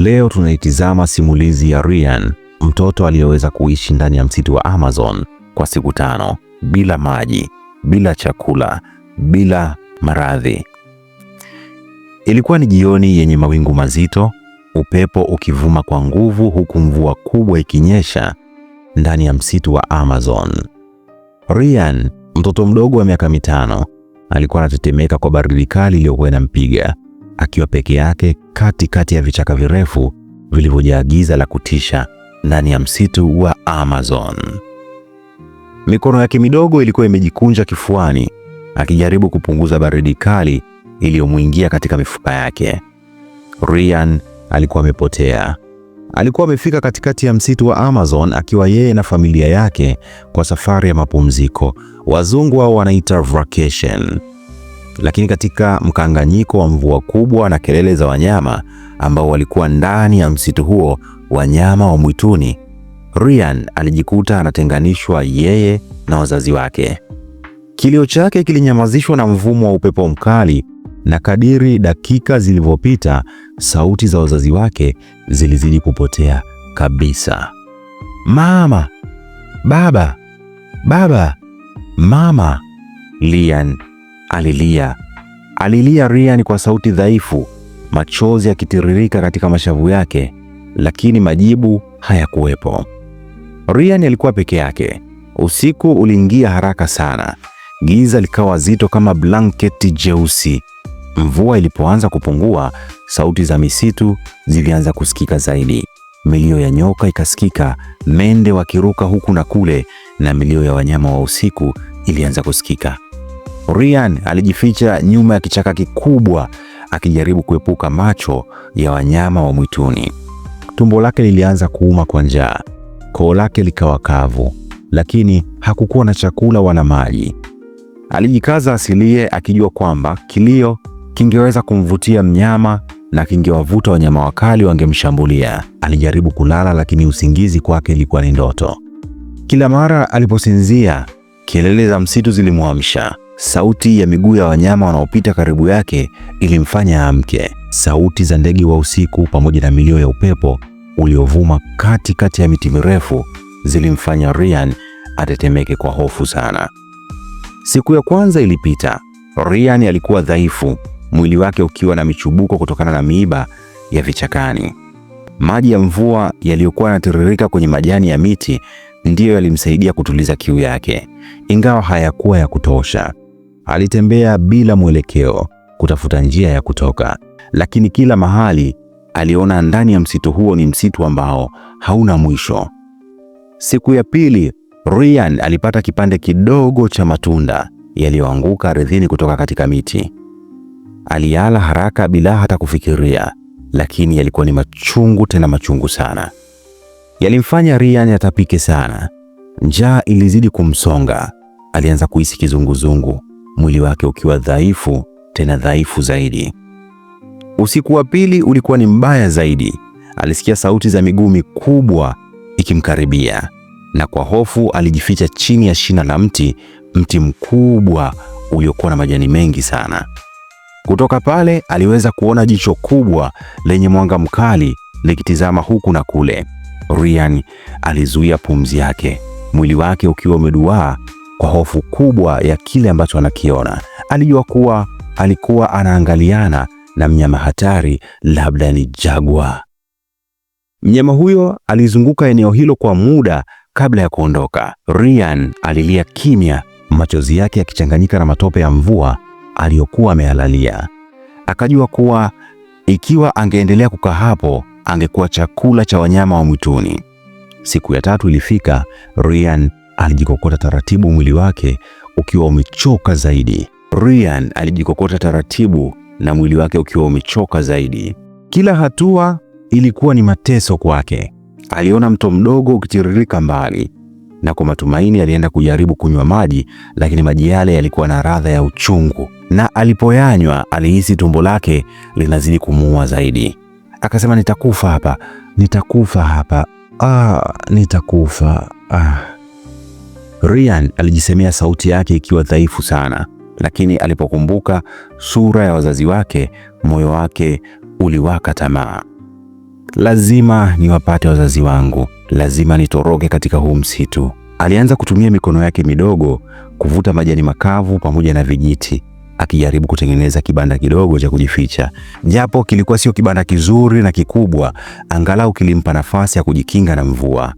Leo tunaitizama simulizi ya Ryan, mtoto aliyeweza kuishi ndani ya msitu wa Amazon kwa siku tano bila maji, bila chakula, bila maradhi. Ilikuwa ni jioni yenye mawingu mazito, upepo ukivuma kwa nguvu, huku mvua kubwa ikinyesha ndani ya msitu wa Amazon. Ryan, mtoto mdogo wa miaka mitano, alikuwa anatetemeka kwa baridi kali iliyokuwa inampiga akiwa peke yake katikati kati ya vichaka virefu vilivyojaa giza la kutisha ndani ya msitu wa Amazon. Mikono yake midogo ilikuwa imejikunja kifuani, akijaribu kupunguza baridi kali iliyomwingia katika mifupa yake. Ryan alikuwa amepotea. Alikuwa amefika katikati ya msitu wa Amazon akiwa yeye na familia yake kwa safari ya mapumziko. Wazungu wao wanaita vacation lakini katika mkanganyiko wa mvua kubwa na kelele za wanyama ambao walikuwa ndani ya msitu huo, wanyama wa mwituni, Ryan alijikuta anatenganishwa yeye na wazazi wake. Kilio chake kilinyamazishwa na mvumo wa upepo mkali, na kadiri dakika zilivyopita, sauti za wazazi wake zilizidi kupotea kabisa. Mama, baba, baba, mama, Lian alilia. Alilia rian kwa sauti dhaifu, machozi yakitiririka katika mashavu yake, lakini majibu hayakuwepo. rian alikuwa peke yake. Usiku uliingia haraka sana. Giza likawa zito kama blanketi jeusi. Mvua ilipoanza kupungua, sauti za misitu zilianza kusikika zaidi. Milio ya nyoka ikasikika, mende wakiruka huku na kule, na milio ya wanyama wa usiku ilianza kusikika. Ryan alijificha nyuma ya kichaka kikubwa akijaribu kuepuka macho ya wanyama wa mwituni. Tumbo lake lilianza kuuma kwa njaa, koo lake likawa kavu, lakini hakukuwa na chakula wala maji. Alijikaza asilie, akijua kwamba kilio kingeweza kumvutia mnyama na kingewavuta wanyama wakali wangemshambulia. Alijaribu kulala, lakini usingizi kwake ilikuwa ni ndoto. Kila mara aliposinzia, kelele za msitu zilimwamsha. Sauti ya miguu ya wanyama wanaopita karibu yake ilimfanya amke. Sauti za ndege wa usiku pamoja na milio ya upepo uliovuma kati kati ya miti mirefu zilimfanya Ryan atetemeke kwa hofu sana. Siku ya kwanza ilipita. Ryan alikuwa dhaifu, mwili wake ukiwa na michubuko kutokana na miiba ya vichakani. Maji ya mvua yaliyokuwa yanatiririka kwenye majani ya miti ndiyo yalimsaidia kutuliza kiu yake, ingawa hayakuwa ya kutosha. Alitembea bila mwelekeo kutafuta njia ya kutoka, lakini kila mahali aliona ndani ya msitu huo ni msitu ambao hauna mwisho. Siku ya pili, Ryan alipata kipande kidogo cha matunda yaliyoanguka ardhini kutoka katika miti. Aliyala haraka bila hata kufikiria, lakini yalikuwa ni machungu, tena machungu sana. Yalimfanya Ryan yatapike sana. Njaa ilizidi kumsonga, alianza kuhisi kizunguzungu mwili wake ukiwa dhaifu tena dhaifu zaidi. Usiku wa pili ulikuwa ni mbaya zaidi. Alisikia sauti za miguu mikubwa ikimkaribia, na kwa hofu alijificha chini ya shina la mti, mti mkubwa uliokuwa na majani mengi sana. Kutoka pale aliweza kuona jicho kubwa lenye mwanga mkali likitizama huku na kule. Ryan alizuia pumzi yake, mwili wake ukiwa umeduaa kwa hofu kubwa ya kile ambacho anakiona. Alijua kuwa alikuwa anaangaliana na mnyama hatari, labda ni jagwa. Mnyama huyo alizunguka eneo hilo kwa muda kabla ya kuondoka. Ryan alilia kimya, machozi yake yakichanganyika na matope ya mvua aliyokuwa amealalia. Akajua kuwa ikiwa angeendelea kukaa hapo angekuwa chakula cha wanyama wa mwituni. Siku ya tatu ilifika, Ryan alijikokota taratibu, mwili wake ukiwa umechoka zaidi. Ryan alijikokota taratibu na mwili wake ukiwa umechoka zaidi. Kila hatua ilikuwa ni mateso kwake. Aliona mto mdogo ukitiririka mbali, na kwa matumaini alienda kujaribu kunywa maji, lakini maji yale yalikuwa na ladha ya uchungu, na alipoyanywa alihisi tumbo lake linazidi kumuua zaidi. Akasema, nitakufa hapa, nitakufa hapa, ah, nitakufa ah. Ryan alijisemea sauti yake ikiwa dhaifu sana, lakini alipokumbuka sura ya wazazi wake, moyo wake uliwaka tamaa. Lazima niwapate wazazi wangu, lazima nitoroke katika huu msitu. Alianza kutumia mikono yake midogo kuvuta majani makavu pamoja na vijiti, akijaribu kutengeneza kibanda kidogo cha kujificha. Japo kilikuwa sio kibanda kizuri na kikubwa, angalau kilimpa nafasi ya kujikinga na mvua.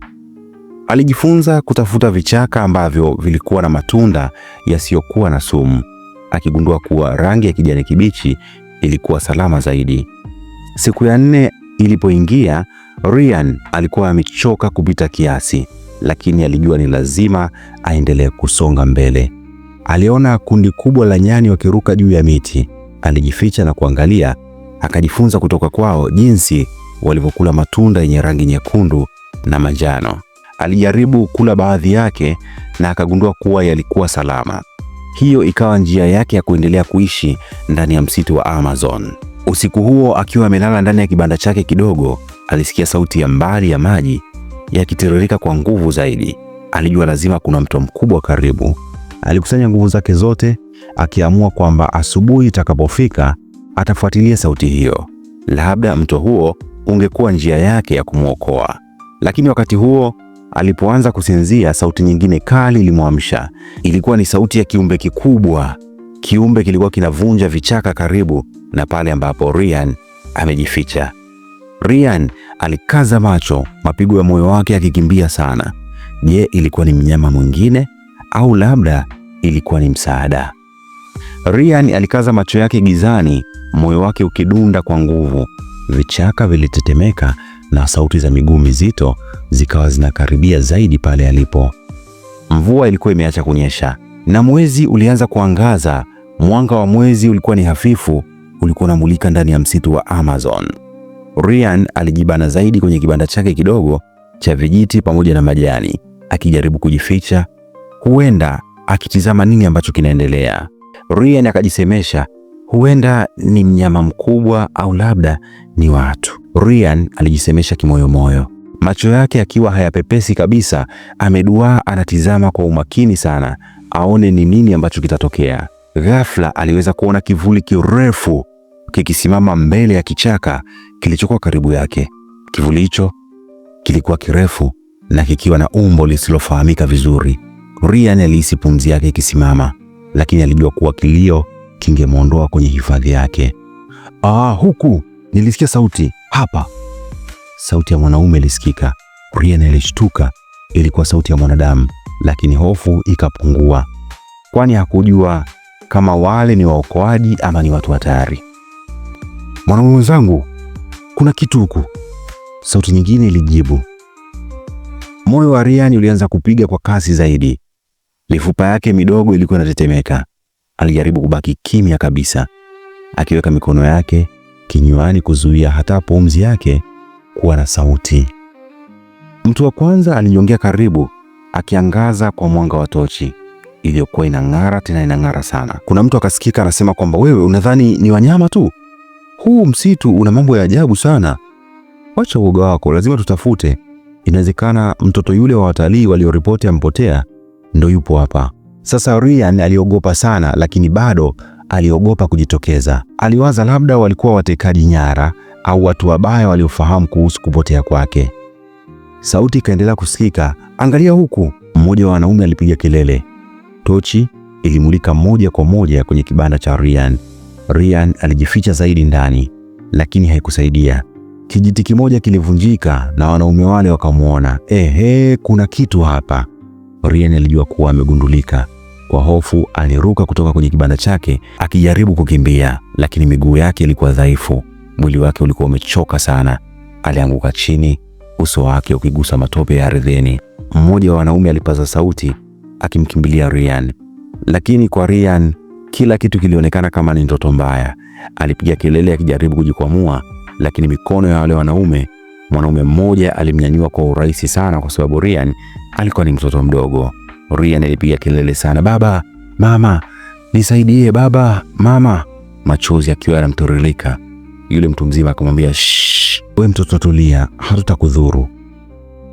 Alijifunza kutafuta vichaka ambavyo vilikuwa na matunda yasiyokuwa na sumu, akigundua kuwa rangi ya kijani kibichi ilikuwa salama zaidi. Siku ya nne ilipoingia, Ryan alikuwa amechoka kupita kiasi, lakini alijua ni lazima aendelee kusonga mbele. Aliona kundi kubwa la nyani wakiruka juu ya miti. Alijificha na kuangalia, akajifunza kutoka kwao jinsi walivyokula matunda yenye rangi nyekundu na manjano. Alijaribu kula baadhi yake na akagundua kuwa yalikuwa salama. Hiyo ikawa njia yake ya kuendelea kuishi ndani ya msitu wa Amazon. Usiku huo akiwa amelala ndani ya kibanda chake kidogo, alisikia sauti ya mbali ya maji yakitiririka kwa nguvu zaidi. Alijua lazima kuna mto mkubwa karibu. Alikusanya nguvu zake zote, akiamua kwamba asubuhi itakapofika atafuatilia sauti hiyo. Labda mto huo ungekuwa njia yake ya kumwokoa. Lakini wakati huo Alipoanza kusinzia, sauti nyingine kali ilimwamsha. Ilikuwa ni sauti ya kiumbe kikubwa. Kiumbe kilikuwa kinavunja vichaka karibu na pale ambapo Ryan amejificha. Ryan alikaza macho, mapigo ya moyo wake yakikimbia sana. Je, ilikuwa ni mnyama mwingine au labda ilikuwa ni msaada? Ryan alikaza macho yake gizani, moyo wake ukidunda kwa nguvu. Vichaka vilitetemeka na sauti za miguu mizito zikawa zinakaribia zaidi pale alipo. Mvua ilikuwa imeacha kunyesha na mwezi ulianza kuangaza. Mwanga wa mwezi ulikuwa ni hafifu, ulikuwa unamulika ndani ya msitu wa Amazon. Ryan alijibana zaidi kwenye kibanda chake kidogo cha vijiti pamoja na majani, akijaribu kujificha, huenda akitizama nini ambacho kinaendelea. Ryan akajisemesha huenda ni mnyama mkubwa au labda ni watu. Ryan alijisemesha kimoyomoyo, macho yake akiwa hayapepesi kabisa. Ameduaa, anatizama kwa umakini sana, aone ni nini ambacho kitatokea. Ghafla aliweza kuona kivuli kirefu kikisimama mbele ya kichaka kilichokuwa karibu yake. Kivuli hicho kilikuwa kirefu na kikiwa na umbo lisilofahamika vizuri. Ryan alihisi pumzi yake ikisimama, lakini alijua kuwa kilio kingemwondoa kwenye hifadhi yake. Ah, huku nilisikia sauti hapa. Sauti ya mwanaume ilisikika. Brian ilishtuka ilikuwa sauti ya mwanadamu, lakini hofu ikapungua, kwani hakujua kama wale ni waokoaji ama ni watu hatari. Mwanaume mwenzangu, kuna kitu huku, sauti nyingine ilijibu. Moyo wa Rian ulianza kupiga kwa kasi zaidi, mifupa yake midogo ilikuwa inatetemeka. Alijaribu kubaki kimya kabisa, akiweka mikono yake kinywani kuzuia hata pumzi yake kuwa na sauti. Mtu wa kwanza alijongea karibu, akiangaza kwa mwanga wa tochi iliyokuwa inang'ara, tena inang'ara sana. Kuna mtu akasikika anasema kwamba wewe unadhani ni wanyama tu? Huu msitu una mambo ya ajabu sana, wacha uoga wako, lazima tutafute. Inawezekana mtoto yule wa watalii walioripoti ampotea ndo yupo hapa. Sasa Ryan aliogopa sana, lakini bado aliogopa kujitokeza. Aliwaza labda walikuwa watekaji nyara au watu wabaya waliofahamu kuhusu kupotea kwake. Sauti ikaendelea kusikika, angalia huku! Mmoja wa wanaume alipiga kelele. Tochi ilimulika moja kwa moja kwenye kibanda cha Ryan. Ryan alijificha zaidi ndani, lakini haikusaidia. Kijiti kimoja kilivunjika na wanaume wale wakamwona. Ehe, eh, kuna kitu hapa. Ryan alijua kuwa amegundulika. Kwa hofu aliruka kutoka kwenye kibanda chake akijaribu kukimbia, lakini miguu yake ilikuwa dhaifu, mwili wake ulikuwa umechoka sana. Alianguka chini, uso wake ukigusa matope ya ardhini. Mmoja wa wanaume alipaza sauti akimkimbilia Ryan, lakini kwa Ryan kila kitu kilionekana kama ni ndoto mbaya. Alipiga kelele akijaribu kujikwamua, lakini mikono ya wale wanaume mwanaume mmoja alimnyanyua kwa urahisi sana, kwa sababu Ryan alikuwa ni mtoto mdogo. Ryan alipiga kelele sana, baba, mama, nisaidie baba, mama, machozi akiwa yanamtiririka. Yule mtu mzima akamwambia, shh, wewe mtoto tulia, hatutakudhuru.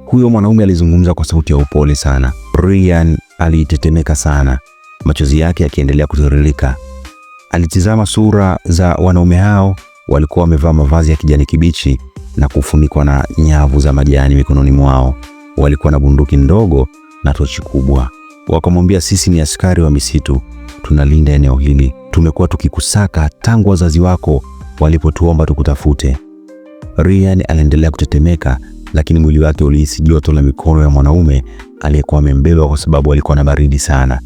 Huyo mwanaume alizungumza kwa sauti ya upole sana. Ryan alitetemeka sana, machozi yake yakiendelea kutiririka. Alitizama sura za wanaume hao, walikuwa wamevaa mavazi ya kijani kibichi na kufunikwa na nyavu za majani mikononi mwao. Walikuwa na bunduki ndogo na tochi kubwa. Wakamwambia, sisi ni askari wa misitu, tunalinda eneo hili, tumekuwa tukikusaka tangu wazazi wako walipotuomba tukutafute. Ryan aliendelea kutetemeka, lakini mwili wake ulihisi joto la mikono ya mwanaume aliyekuwa amembeba kwa sababu alikuwa na baridi sana.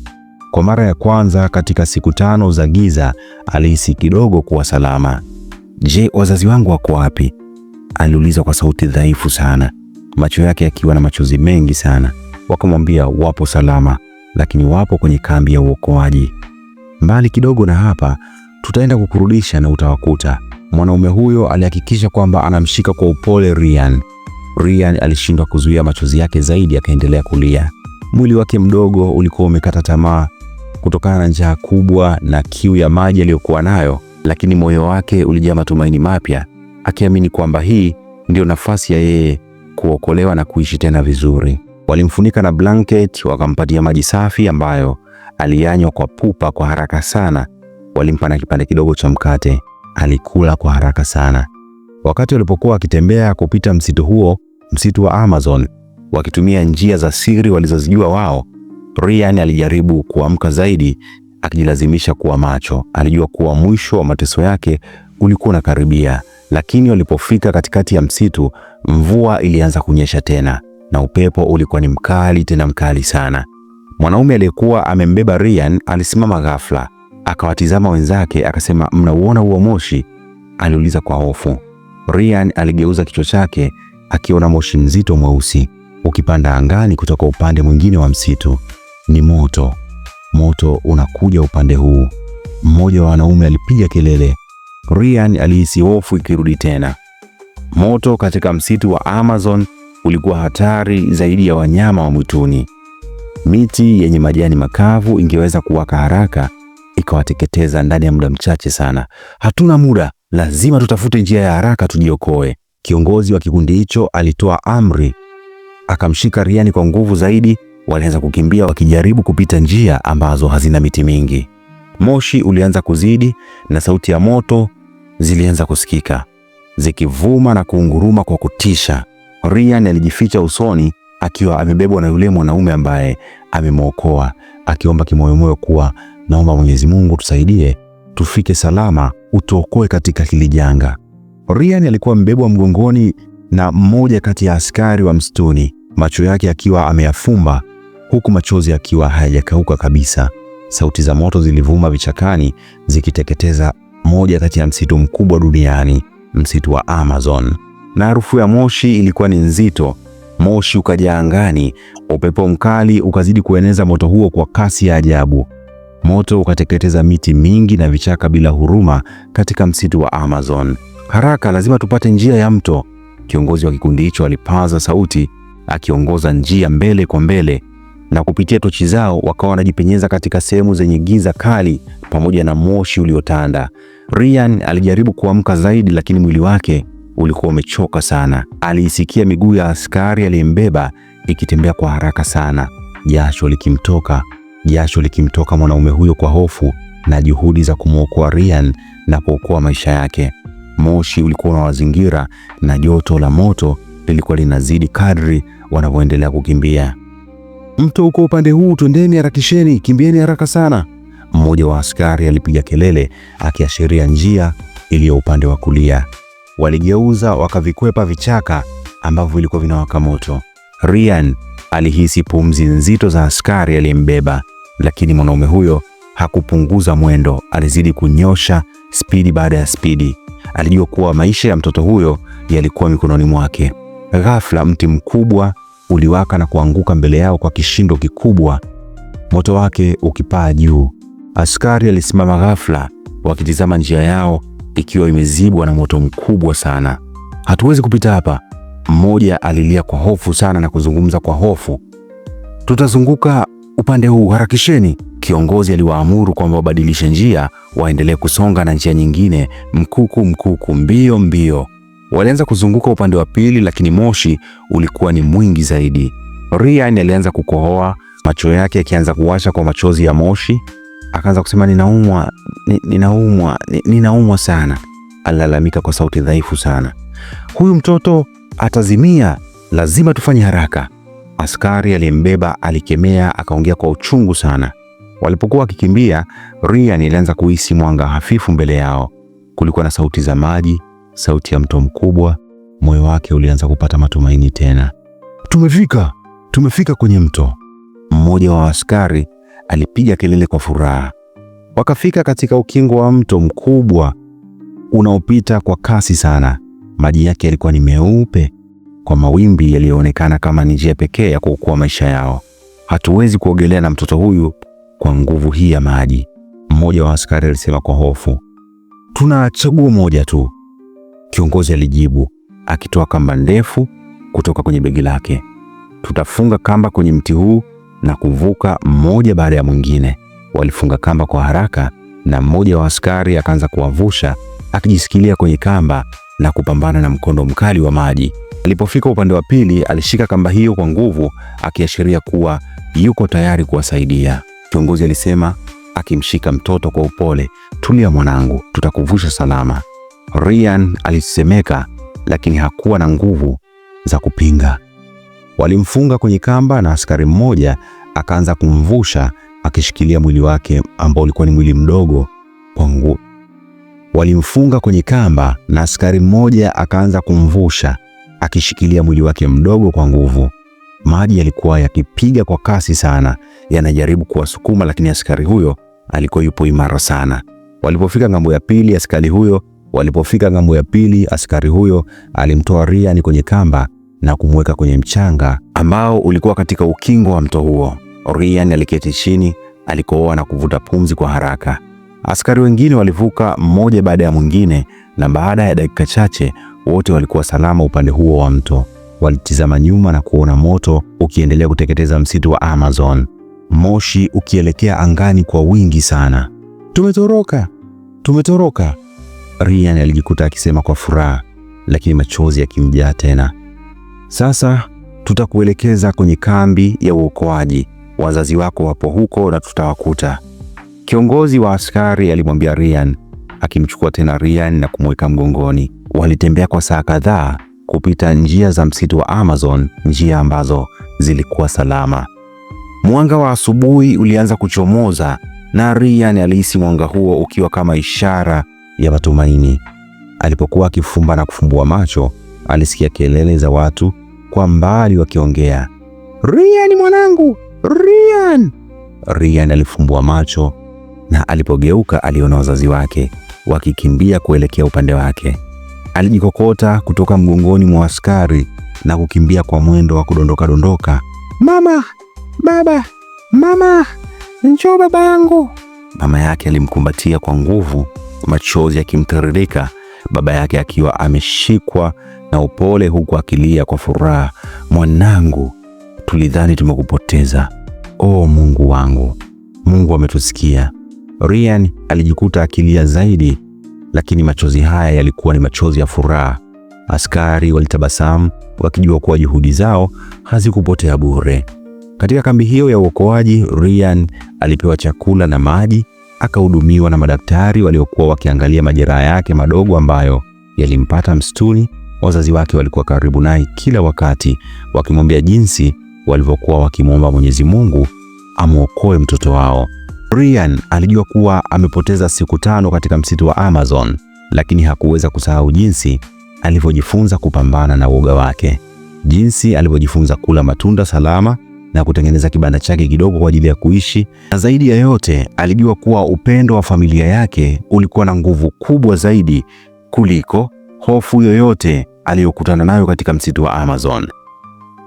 Kwa mara ya kwanza katika siku tano za giza alihisi kidogo kuwa salama. Je, wazazi wangu wako wapi? aliuliza kwa sauti dhaifu sana, macho yake yakiwa na machozi mengi sana wakamwambia wapo salama, lakini wapo kwenye kambi ya uokoaji mbali kidogo na hapa, tutaenda kukurudisha na utawakuta. Mwanaume huyo alihakikisha kwamba anamshika kwa upole Ryan. Ryan alishindwa kuzuia machozi yake zaidi, akaendelea kulia. Mwili wake mdogo ulikuwa umekata tamaa kutokana na njaa kubwa na kiu ya maji aliyokuwa nayo, lakini moyo wake ulijaa matumaini mapya, akiamini kwamba hii ndiyo nafasi ya yeye kuokolewa na kuishi tena vizuri. Walimfunika na blanket, wakampatia maji safi ambayo alianywa kwa pupa kwa haraka sana. Walimpa na kipande kidogo cha mkate, alikula kwa haraka sana. Wakati walipokuwa wakitembea kupita msitu huo, msitu wa Amazon, wakitumia njia za siri walizozijua wao, Ryan alijaribu kuamka zaidi, akijilazimisha kuwa macho. Alijua kuwa mwisho wa mateso yake ulikuwa unakaribia, lakini walipofika katikati ya msitu, mvua ilianza kunyesha tena na upepo ulikuwa ni mkali, tena mkali sana. Mwanaume aliyekuwa amembeba Ryan alisimama ghafla, akawatizama wenzake, akasema, mnauona huo moshi? aliuliza kwa hofu. Ryan aligeuza kichwa chake akiona moshi mzito mweusi ukipanda angani kutoka upande mwingine wa msitu. Ni moto, moto unakuja upande huu, mmoja wa wanaume alipiga kelele. Ryan alihisi hofu ikirudi tena. Moto katika msitu wa Amazon ulikuwa hatari zaidi ya wanyama wa mwituni. Miti yenye majani makavu ingeweza kuwaka haraka ikawateketeza ndani ya muda mchache sana. Hatuna muda, lazima tutafute njia ya haraka tujiokoe. Kiongozi wa kikundi hicho alitoa amri, akamshika Riani kwa nguvu zaidi. Walianza kukimbia wakijaribu kupita njia ambazo hazina miti mingi. Moshi ulianza kuzidi na sauti ya moto zilianza kusikika zikivuma na kuunguruma kwa kutisha. Ryan alijificha usoni akiwa amebebwa na yule mwanaume ambaye amemwokoa, akiomba kimoyomoyo kuwa naomba Mwenyezi Mungu tusaidie, tufike salama, utuokoe katika hili janga. Ryan alikuwa amebebwa mgongoni na mmoja kati ya askari wa msituni, macho yake akiwa ameyafumba huku machozi akiwa hayajakauka kabisa. Sauti za moto zilivuma vichakani zikiteketeza moja kati ya msitu mkubwa duniani, msitu wa Amazon na harufu ya moshi ilikuwa ni nzito. Moshi ukajaa angani, upepo mkali ukazidi kueneza moto huo kwa kasi ya ajabu. Moto ukateketeza miti mingi na vichaka bila huruma katika msitu wa Amazon. Haraka, lazima tupate njia ya mto. Kiongozi wa kikundi hicho alipaza sauti, akiongoza njia mbele kwa mbele, na kupitia tochi zao wakawa wanajipenyeza katika sehemu zenye giza kali pamoja na moshi uliotanda. Ryan alijaribu kuamka zaidi, lakini mwili wake ulikuwa umechoka sana. Aliisikia miguu ya askari aliyembeba ikitembea kwa haraka sana, jasho likimtoka, jasho likimtoka mwanaume huyo kwa hofu na juhudi za kumwokoa Ryan na kuokoa maisha yake. Moshi ulikuwa unawazingira na joto la moto lilikuwa linazidi kadri wanavyoendelea kukimbia. Mto uko upande huu, twendeni, harakisheni, kimbieni haraka sana, mmoja wa askari alipiga kelele akiashiria njia iliyo upande wa kulia waligeuza wakavikwepa vichaka ambavyo vilikuwa vinawaka moto. Ryan alihisi pumzi nzito za askari aliyembeba, lakini mwanaume huyo hakupunguza mwendo, alizidi kunyosha spidi baada ya spidi. Alijua kuwa maisha ya mtoto huyo yalikuwa mikononi mwake. Ghafla mti mkubwa uliwaka na kuanguka mbele yao kwa kishindo kikubwa, moto wake ukipaa juu. Askari alisimama ghafla, wakitizama njia yao ikiwa imezibwa na moto mkubwa sana. Hatuwezi kupita hapa, mmoja alilia kwa hofu sana na kuzungumza kwa hofu. Tutazunguka upande huu, harakisheni. Kiongozi aliwaamuru kwamba wabadilishe njia, waendelee kusonga na njia nyingine, mkuku mkuku, mbio mbio. Walianza kuzunguka upande wa pili, lakini moshi ulikuwa ni mwingi zaidi. Ryan alianza kukohoa, macho yake yakianza kuwasha kwa machozi ya moshi akaanza kusema ninaumwa, ninaumwa, ninaumwa sana. Alilalamika kwa sauti dhaifu sana, huyu mtoto atazimia, lazima tufanye haraka. Askari aliyembeba alikemea, akaongea kwa uchungu sana. Walipokuwa wakikimbia, Ryan ilianza kuhisi mwanga hafifu mbele yao. Kulikuwa na sauti za maji, sauti ya mto mkubwa. Moyo wake ulianza kupata matumaini tena. Tumefika, tumefika kwenye mto. Mmoja wa askari alipiga kelele kwa furaha. Wakafika katika ukingo wa mto mkubwa unaopita kwa kasi sana. Maji yake yalikuwa ni meupe kwa mawimbi yaliyoonekana kama ni njia pekee ya kuokoa maisha yao. Hatuwezi kuogelea na mtoto huyu kwa nguvu hii ya maji, mmoja wa askari alisema kwa hofu. Tuna chaguo moja tu, kiongozi alijibu, akitoa kamba ndefu kutoka kwenye begi lake. Tutafunga kamba kwenye mti huu na kuvuka mmoja baada ya mwingine. Walifunga kamba kwa haraka na mmoja wa askari akaanza kuwavusha akijisikilia kwenye kamba na kupambana na mkondo mkali wa maji. Alipofika upande wa pili, alishika kamba hiyo kwa nguvu, akiashiria kuwa yuko tayari kuwasaidia. Kiongozi alisema akimshika mtoto kwa upole, tulia mwanangu, tutakuvusha salama. Ryan alisemeka, lakini hakuwa na nguvu za kupinga. Walimfunga kwenye kamba na askari mmoja akaanza kumvusha akishikilia mwili wake ambao ulikuwa ni mwili mdogo kwa nguvu. Walimfunga kwenye kamba na askari mmoja akaanza kumvusha akishikilia mwili wake mdogo kwa nguvu. Maji yalikuwa yakipiga kwa kasi sana, yanajaribu kuwasukuma, lakini askari huyo alikuwa yupo imara sana. Walipofika ng'ambo ya pili, askari huyo walipofika ng'ambo ya pili, askari huyo alimtoa riani kwenye kamba na kumweka kwenye mchanga ambao ulikuwa katika ukingo wa mto huo. Ryan aliketi chini, alikohoa na kuvuta pumzi kwa haraka. Askari wengine walivuka mmoja baada ya mwingine, na baada ya dakika chache wote walikuwa salama upande huo wa mto. Walitizama nyuma na kuona moto ukiendelea kuteketeza msitu wa Amazon, moshi ukielekea angani kwa wingi sana. Tumetoroka, tumetoroka, Ryan alijikuta akisema kwa furaha, lakini machozi yakimjaa tena. Sasa tutakuelekeza kwenye kambi ya uokoaji, wazazi wako wapo huko na tutawakuta. Kiongozi wa askari alimwambia Ryan, akimchukua tena Ryan na kumweka mgongoni. Walitembea kwa saa kadhaa kupita njia za msitu wa Amazon, njia ambazo zilikuwa salama. Mwanga wa asubuhi ulianza kuchomoza na Ryan alihisi mwanga huo ukiwa kama ishara ya matumaini. Alipokuwa akifumba na kufumbua macho, alisikia kelele za watu kwa mbali wakiongea, Rian mwanangu, Rian. Rian alifumbua macho na alipogeuka aliona wazazi wake wakikimbia kuelekea upande wake. Alijikokota kutoka mgongoni mwa askari na kukimbia kwa mwendo wa kudondoka dondoka. Mama, baba, mama, njoo baba yangu. Mama yake alimkumbatia kwa nguvu, machozi yakimtiririka, baba yake akiwa ameshikwa na upole, huku akilia kwa furaha, mwanangu, tulidhani tumekupoteza. O Mungu wangu, Mungu ametusikia. Ryan alijikuta akilia zaidi, lakini machozi haya yalikuwa ni machozi ya furaha. Askari walitabasamu wakijua kuwa juhudi zao hazikupotea bure. Katika kambi hiyo ya uokoaji, Ryan alipewa chakula na maji, akahudumiwa na madaktari waliokuwa wakiangalia majeraha yake madogo ambayo yalimpata msituni Wazazi wake walikuwa karibu naye kila wakati, wakimwambia jinsi walivyokuwa wakimwomba Mwenyezi Mungu amwokoe mtoto wao. Brian alijua kuwa amepoteza siku tano katika msitu wa Amazon, lakini hakuweza kusahau jinsi alivyojifunza kupambana na uoga wake, jinsi alivyojifunza kula matunda salama na kutengeneza kibanda chake kidogo kwa ajili ya kuishi, na zaidi ya yote alijua kuwa upendo wa familia yake ulikuwa na nguvu kubwa zaidi kuliko hofu yoyote aliyokutana nayo katika msitu wa Amazon.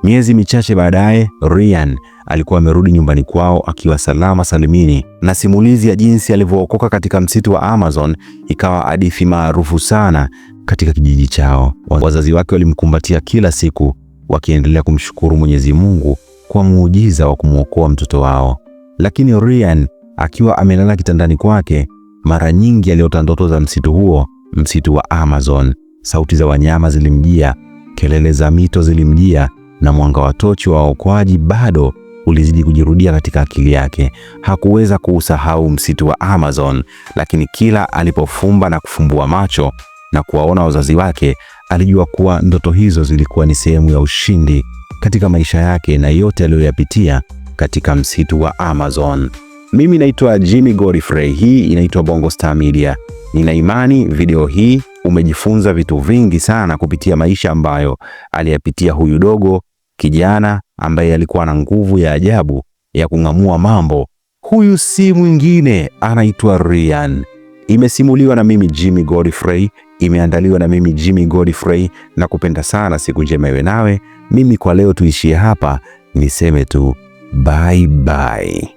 Miezi michache baadaye, Ryan alikuwa amerudi nyumbani kwao akiwa salama salimini, na simulizi ya jinsi alivyookoka katika msitu wa Amazon ikawa hadithi maarufu sana katika kijiji chao. Wazazi wake walimkumbatia kila siku, wakiendelea kumshukuru Mwenyezi Mungu kwa muujiza wa kumwokoa mtoto wao. Lakini Ryan akiwa amelala kitandani kwake, mara nyingi aliota ndoto za msitu huo, msitu wa Amazon, Sauti za wanyama zilimjia, kelele za mito zilimjia, na mwanga wa tochi wa waokoaji bado ulizidi kujirudia katika akili yake. Hakuweza kuusahau msitu wa Amazon, lakini kila alipofumba na kufumbua macho na kuwaona wazazi wake, alijua kuwa ndoto hizo zilikuwa ni sehemu ya ushindi katika maisha yake na yote aliyoyapitia katika msitu wa Amazon. Mimi naitwa Jimmy Godfrey, hii inaitwa Bongo Star Media. Nina imani video hii umejifunza vitu vingi sana kupitia maisha ambayo aliyapitia huyu dogo kijana ambaye alikuwa na nguvu ya ajabu ya kung'amua mambo. Huyu si mwingine, anaitwa Ryan. Imesimuliwa na mimi Jimmy Godfrey, imeandaliwa na mimi Jimmy Godfrey na kupenda sana. Siku njema iwe nawe. Mimi kwa leo tuishie hapa, niseme tu bye bye.